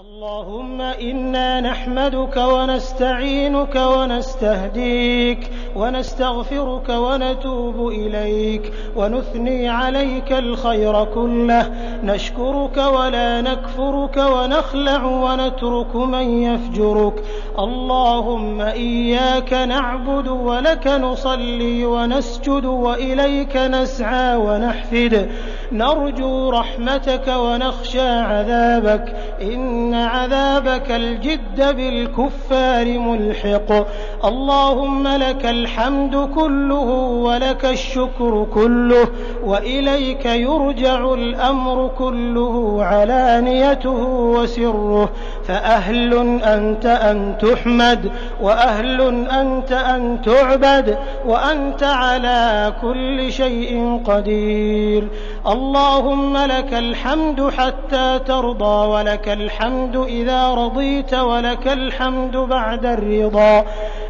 اللهم إنا نحمدك ونستعينك ونستهديك ونستغفرك ونتوب إليك ونثني عليك الخير كله نشكرك ولا نكفرك ونخلع ونترك من يفجرك اللهم إياك نعبد ولك نصلي ونسجد وإليك نسعى ونحفد نرجو رحمتك ونخشى عذابك إن إن عذابك الجد بالكفار ملحق اللهم لك الحمد كله ولك الشكر كله وإليك يرجع الأمر كله علانيته وسره فأهل أنت أن تحمد وأهل أنت أن تعبد وأنت على كل شيء قدير اللهم لك الحمد حتى ترضى ولك الحمد الحمد إذا رضيت ولك الحمد بعد الرضا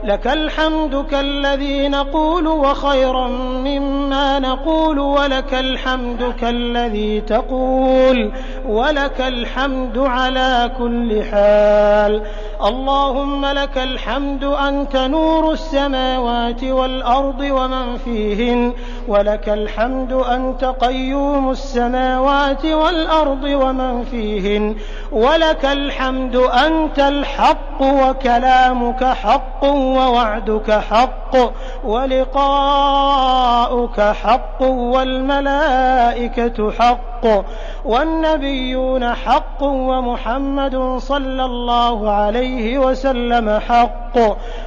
لك الحمد كالذي نقول وخيرا مما نقول ولك الحمد كالذي تقول ولك الحمد على كل حال اللهم لك الحمد أنت نور السماوات والأرض ومن فيهن ولك الحمد أنت قيوم السماوات والأرض ومن فيهن ولك الحمد أنت الحق الحق وكلامك حق ووعدك حق ولقاؤك حق والملائكة حق والنبيون حق ومحمد صلى الله عليه وسلم حق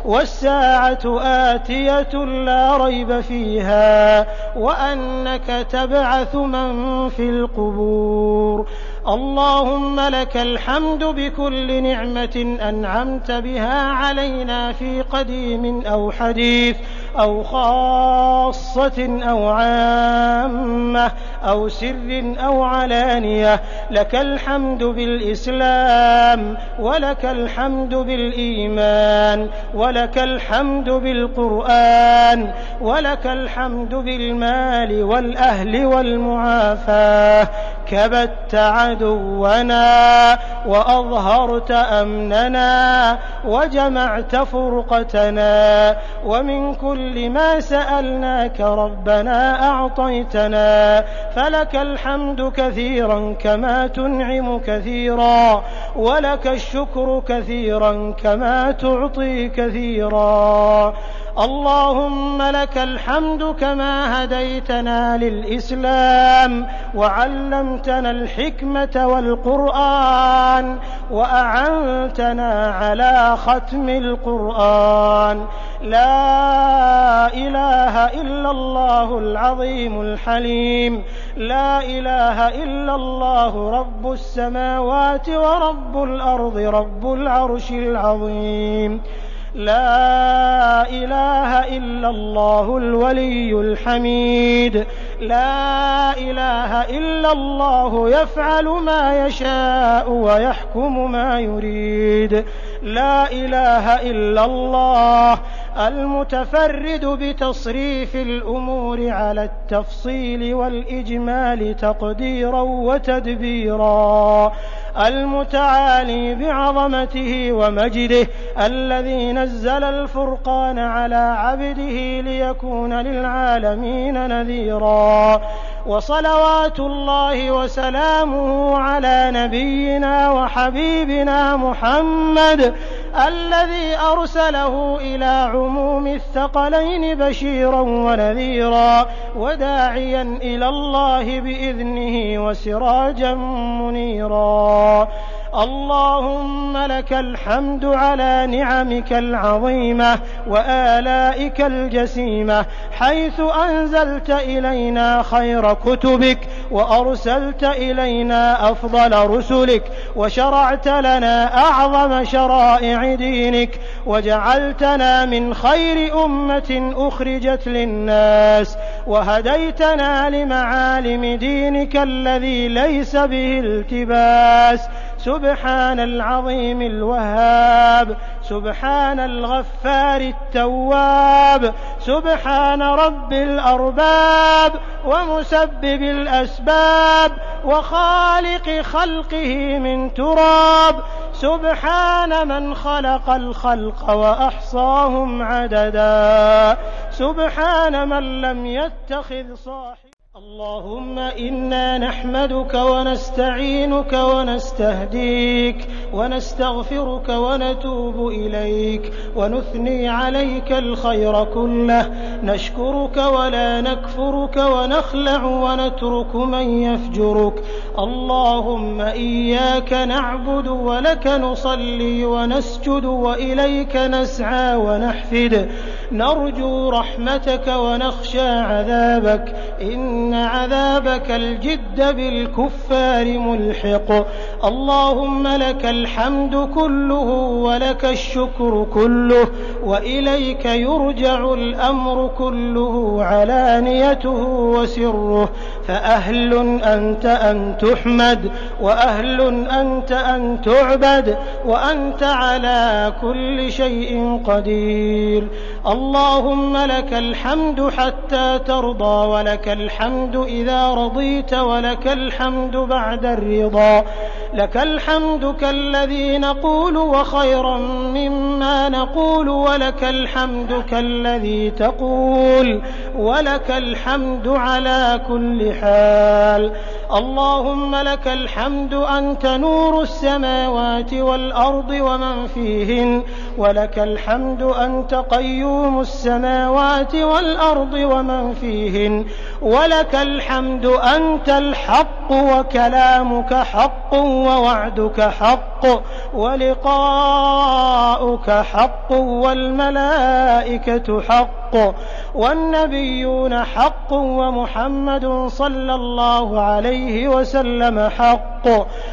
والساعة آتية لا ريب فيها وأنك تبعث من في القبور اللهم لك الحمد بكل نعمة أنعمت بها علينا في قديم أو حديث أو خاصة أو عامة أو سر أو علانية لك الحمد بالإسلام ولك الحمد بالإيمان ولك الحمد بالقرآن ولك الحمد بالمال والأهل والمعافاة كبت عدونا وأظهرت أمننا وجمعت فرقتنا ومن كل كل ما سألناك ربنا أعطيتنا فلك الحمد كثيرا كما تنعم كثيرا ولك الشكر كثيرا كما تعطي كثيرا اللهم لك الحمد كما هديتنا للإسلام وعلمتنا الحكمة والقرآن وأعنتنا على ختم القرآن لا إله إلا الله العظيم الحليم لا إله إلا الله رب السماوات ورب الأرض رب العرش العظيم لا إله إلا الله الولي الحميد لا إله إلا الله يفعل ما يشاء ويحكم ما يريد لا إله إلا الله المتفرد بتصريف الأمور على التفصيل والإجمال تقديرا وتدبيرا المتعالي بعظمته ومجده الذي نزل الفرقان على عبده ليكون للعالمين نذيرا وصلوات الله وسلامه على نبينا وحبيبنا محمد الذي أرسله إلى عموم الثقلين بشيرا ونذيرا وداعيا إلى الله بإذنه وسراجا منيرا اللهم لك الحمد على نعمك العظيمة وآلائك الجسيمة حيث أنزلت إلينا خير كتبك وأرسلت إلينا أفضل رسلك وشرعت لنا أعظم شرائع دينك وجعلتنا من خير أمة أخرجت للناس وهديتنا لمعالم دينك الذي ليس به التباس سبحان العظيم الوهاب سبحان الغفار التواب سبحان رب الأرباب ومسبب الأسباب وخالق خلقه من تراب سبحان من خلق الخلق وأحصاهم عددا سبحان من لم يتخذ صاحب اللهم انا نحمدك ونستعينك ونستهديك ونستغفرك ونتوب اليك ونثني عليك الخير كله نشكرك ولا نكفرك ونخلع ونترك من يفجرك اللهم اياك نعبد ولك نصلي ونسجد واليك نسعى ونحفد نرجو رحمتك ونخشى عذابك إن عذابك الجد بالكفار ملحق اللهم لك الحمد كله ولك الشكر كله وإليك يرجع الأمر كله علانيته وسره فأهل أنت أن تحمد وأهل أنت أن تعبد وأنت على كل شيء قدير اللهم لك الحمد حتى ترضى ولك الحمد إذا رضيت ولك الحمد بعد الرضا لك الحمد كالذي نقول وخيرا مما نقول ولك الحمد كالذي تقول ولك الحمد على كل حال اللهم لك الحمد أنت نور السماوات والأرض ومن فيهن ولك الحمد أنت قيوم السماوات والأرض ومن فيهن ولك الحمد أنت الحق وكلامك حق ووعدك حق ولقاؤك حق والملائكة حق والنبيون حق ومحمد صلى الله عليه وسلم حق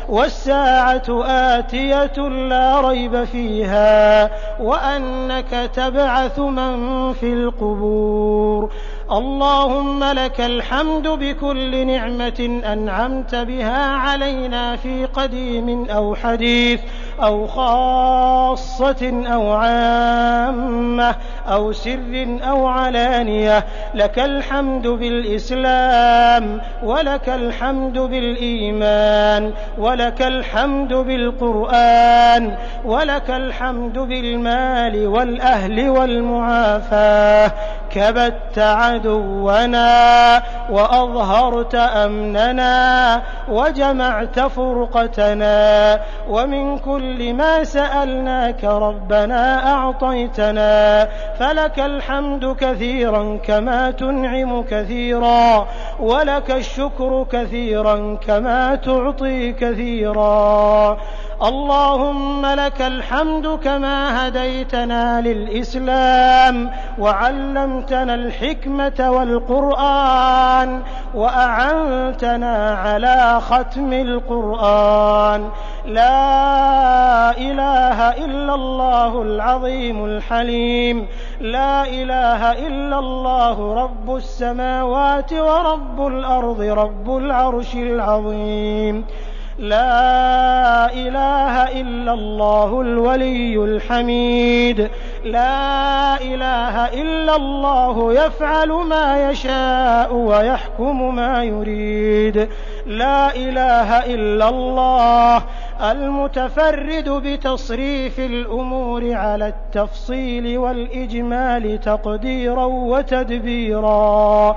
والساعة آتية لا ريب فيها وأنك تبعث من في القبور اللهم لك الحمد بكل نعمة أنعمت بها علينا في قديم أو حديث أو خاصة أو عامة أو سر أو علانية لك الحمد بالإسلام ولك الحمد بالإيمان ولك الحمد بالقرآن ولك الحمد بالمال والأهل والمعافاة كبت عدونا وأظهرت أمننا وجمعت فرقتنا ومن كل ما سألناك ربنا أعطيتنا فلك الحمد كثيرا كما تنعم كثيرا ولك الشكر كثيرا كما تعطي كثيرا اللهم لك الحمد كما هديتنا للإسلام وعلمتنا الحكمة والقرآن وأعنتنا على ختم القرآن لا إله إلا الله العظيم الحليم لا إله إلا الله رب السماوات ورب الأرض رب العرش العظيم لا إله إلا الله الولي الحميد لا إله إلا الله يفعل ما يشاء ويحكم ما يريد لا إله إلا الله المتفرد بتصريف الأمور على التفصيل والإجمال تقديرا وتدبيرا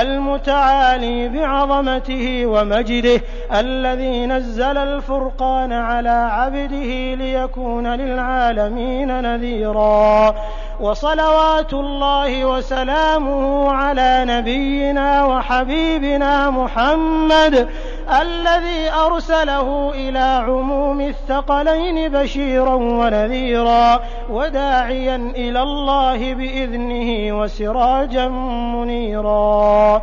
المتعالي بعظمته ومجده الذي نزل الفرقان على عبده ليكون للعالمين نذيرا وصلوات الله وسلامه على نبينا وحبيبنا محمد الذي أرسله إلى عموم الثقلين بشيرا ونذيرا وداعيا إلى الله بإذنه وسراجا منيرا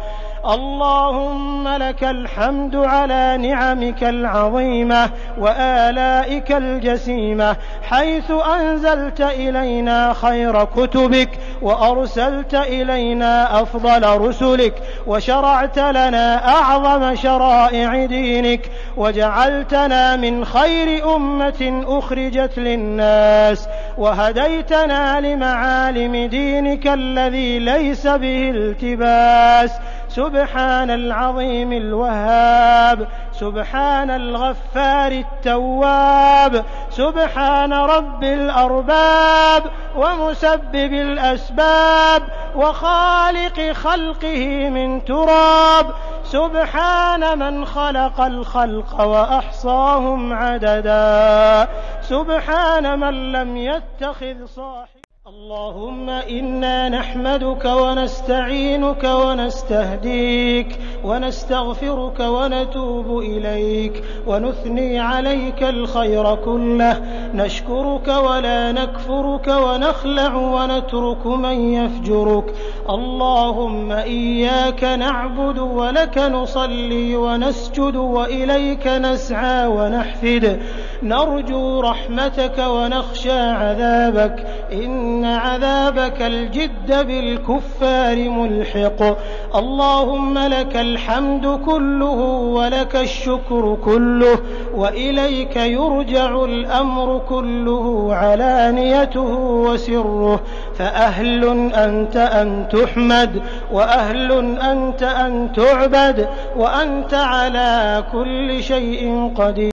اللهم لك الحمد على نعمك العظيمة وآلائك الجسيمة حيث أنزلت إلينا خير كتبك وأرسلت إلينا أفضل رسلك وشرعت لنا أعظم شرائع دينك وجعلتنا من خير أمة أخرجت للناس وهديتنا لمعالم دينك الذي ليس به التباس سبحان العظيم الوهاب سبحان الغفار التواب سبحان رب الأرباب ومسبب الأسباب وخالق خلقه من تراب سبحان من خلق الخلق وأحصاهم عددا سبحان من لم يتخذ صاحب اللهم انا نحمدك ونستعينك ونستهديك ونستغفرك ونتوب اليك ونثني عليك الخير كله نشكرك ولا نكفرك ونخلع ونترك من يفجرك اللهم اياك نعبد ولك نصلي ونسجد واليك نسعى ونحفد نرجو رحمتك ونخشى عذابك إن إن عذابك الجد بالكفار ملحق اللهم لك الحمد كله ولك الشكر كله وإليك يرجع الأمر كله علانيته وسره فأهل أنت أن تحمد وأهل أنت أن تعبد وأنت على كل شيء قدير